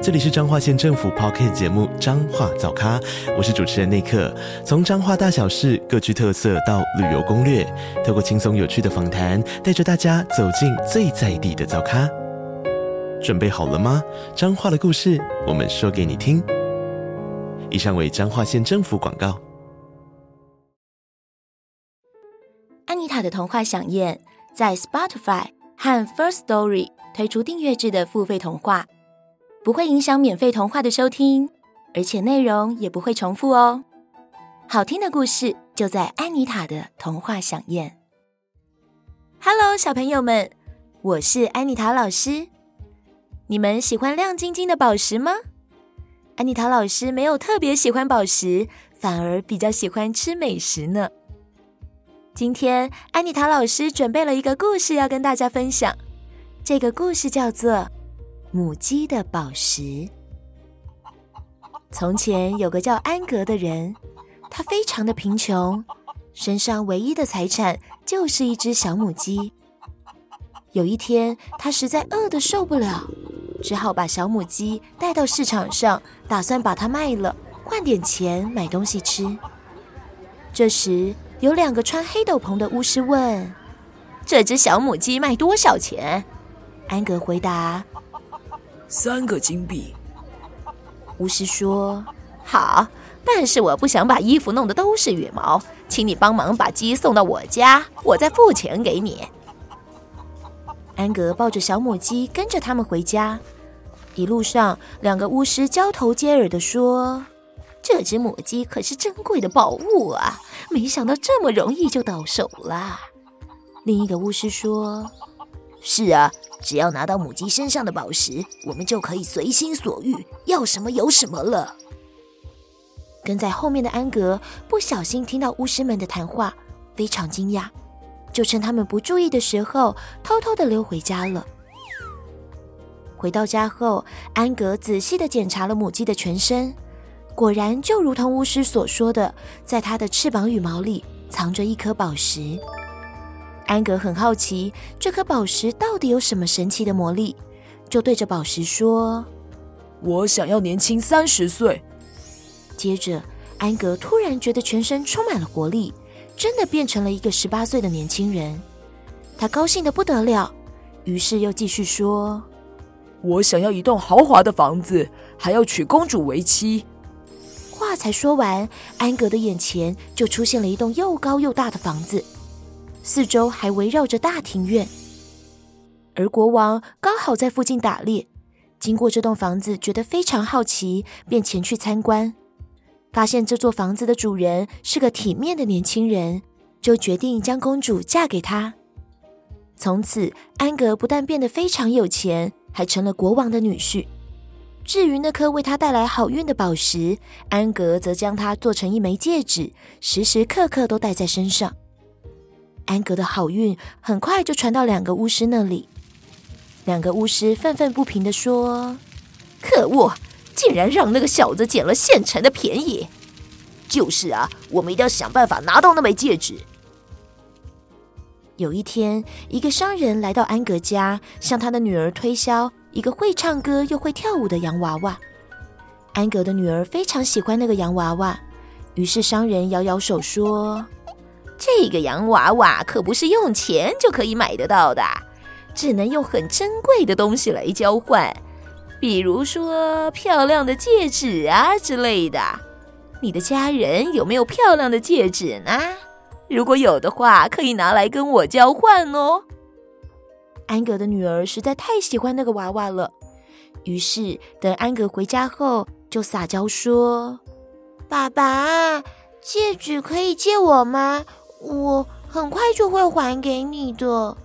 這裡是彰化縣政府 Podcast 節目《彰化早咖》，我是主持人內克。從彰化大小事各具特色到旅游攻略，透過輕鬆有趣的訪談，帶着大家走進最在地的早咖。準備好了嗎？彰化的故事，我們說給你聽。以上為彰化縣政府廣告。安妮塔的童話饗宴在 Spotify 和 First Story 推出訂閱制的付費童話。不會影響免費童話的收聽，而且內容也不會重複哦。好聽的故事就在安妮塔的童話饗宴。Hello，小朋友們，我是安妮塔老師。你們喜歡亮晶晶的寶石嗎？安妮塔老師沒有特別喜歡寶石，反而比較喜歡吃美食呢。今天安妮塔老師準備了一個故事要跟大家分享，這個故事叫做。母雞的寶石。從前有個叫安格的人，他非常的貧窮，身上唯一的財產就是一隻小母雞。有一天，他實在餓得受不了，只好把小母雞帶到市場上，打算把它賣了，換點錢買東西吃。這時，有兩個穿黑斗篷的巫師問：“這隻小母雞賣多少錢？”安格回答：三個金幣。巫師說：“好，但是我不想把衣服弄得都是羽毛，請你幫忙把雞送到我家，我再付錢給你。”安格抱着小母雞跟着他們回家，一路上兩個巫師交頭接耳地說：“這隻母雞可是珍貴的寶物啊，沒想到這麼容易就到手了。”另一個巫師說。是啊，只要拿到母雞身上的寶石，我們就可以隨心所欲，要什麼有什麼了。跟在後面的安格不小心聽到巫師們的談話，非常驚訝，就趁他們不注意的時候，偷偷地溜回家了。回到家後，安格仔細地檢查了母雞的全身，果然就如同巫師所說的，在它的翅膀羽毛裡藏着一顆寶石。安格很好奇這顆寶石到底有什麼神奇的魔力，就對着寶石說：“我想要年輕三十歲。”接着，安格突然覺得全身充滿了活力，真的變成了一個十八歲的年輕人。他高興得不得了，於是又繼續說：“我想要一棟豪華的房子，還要娶公主為妻。”話才說完，安格的眼前就出現了一棟又高又大的房子。四周還圍繞着大庭院，而國王剛好在附近打獵，經過這棟房子，覺得非常好奇，便前去參觀，發現這座房子的主人是個體面的年輕人，就決定將公主嫁給他。從此，安格不但變得非常有錢，還成了國王的女婿。至於那顆為他帶來好運的寶石，安格則將它做成一枚戒指，時時刻刻都戴在身上。安格的好運很快就傳到兩個巫師那裡，兩個巫師憤憤不平地說：“可惡，竟然讓那個小子撿了現成的便宜！”“就是啊，我們一定要想辦法拿到那枚戒指。”有一天，一個商人來到安格家，向他的女兒推銷一個會唱歌又會跳舞的洋娃娃。安格的女兒非常喜歡那個洋娃娃，於是商人搖搖手說。這個洋娃娃可不是用錢就可以買得到的，只能用很珍貴的東西來交換，比如說漂亮的戒指啊之類的。你的家人有沒有漂亮的戒指呢？如果有的話，可以拿來跟我交換哦。安格的女兒實在太喜歡那個娃娃了，於是等安格回家後，就撒嬌說：“爸爸，戒指可以借我嗎？”我很快就會還給你的，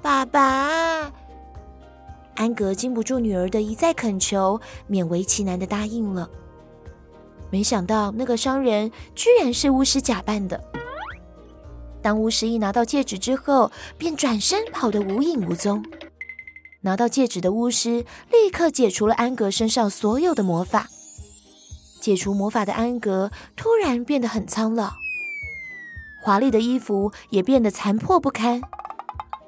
爸爸。安格經不住女兒的一再懇求，勉為其難的答應了。沒想到那個商人居然是巫師假扮的。當巫師一拿到戒指之後，便轉身跑得無影無蹤。拿到戒指的巫師立刻解除了安格身上所有的魔法。解除魔法的安格突然變得很蒼老。華麗的衣服也變得殘破不堪，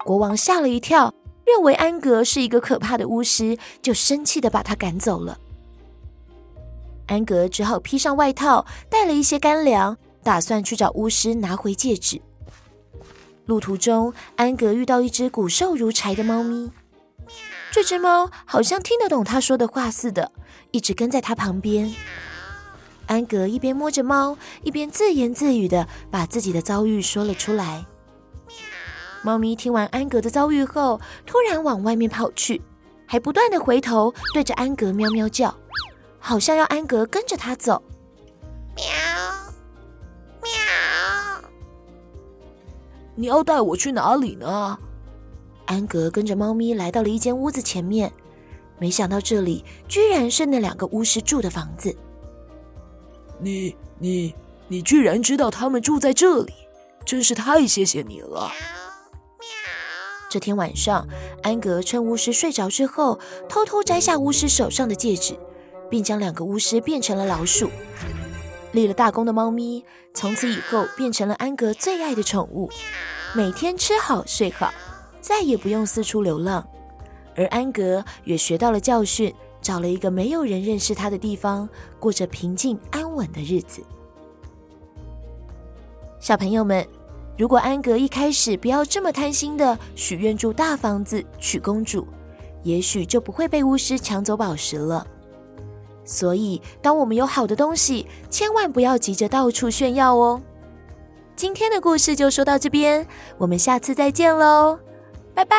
國王嚇了一跳，認為安格是一個可怕的巫師，就生氣地把他趕走了。安格只好披上外套，帶了一些乾糧，打算去找巫師拿回戒指。路途中，安格遇到一隻骨瘦如柴的貓咪，這隻貓好像聽得懂他說的話似的，一直跟在他旁邊。安格一邊摸着貓，一邊自言自語地把自己的遭遇說了出來。喵。貓咪聽完安格的遭遇後，突然往外面跑去，還不斷地回頭對着安格喵喵叫，好像要安格跟着它走。喵喵，你要帶我去哪裡呢？安格跟着貓咪來到了一間屋子前面，沒想到這裡居然是那兩個巫師住的房子。你你你居然知道他們住在這裡，真是太謝謝你了！這天晚上，安格趁巫師睡着之後，偷偷摘下巫師手上的戒指，並將兩個巫師變成了老鼠。立了大功的貓咪從此以後變成了安格最愛的寵物，每天吃好睡好，再也不用四處流浪。而安格也學到了教訓。找了一個沒有人認識他的地方，過着平靜安穩的日子。小朋友們，如果安格一開始不要這麼貪心的許願住大房子、娶公主，也許就不會被巫師搶走寶石了。所以，當我們有好的東西，千萬不要急着到處炫耀哦。今天的故事就說到這邊，我們下次再見嘍，拜拜。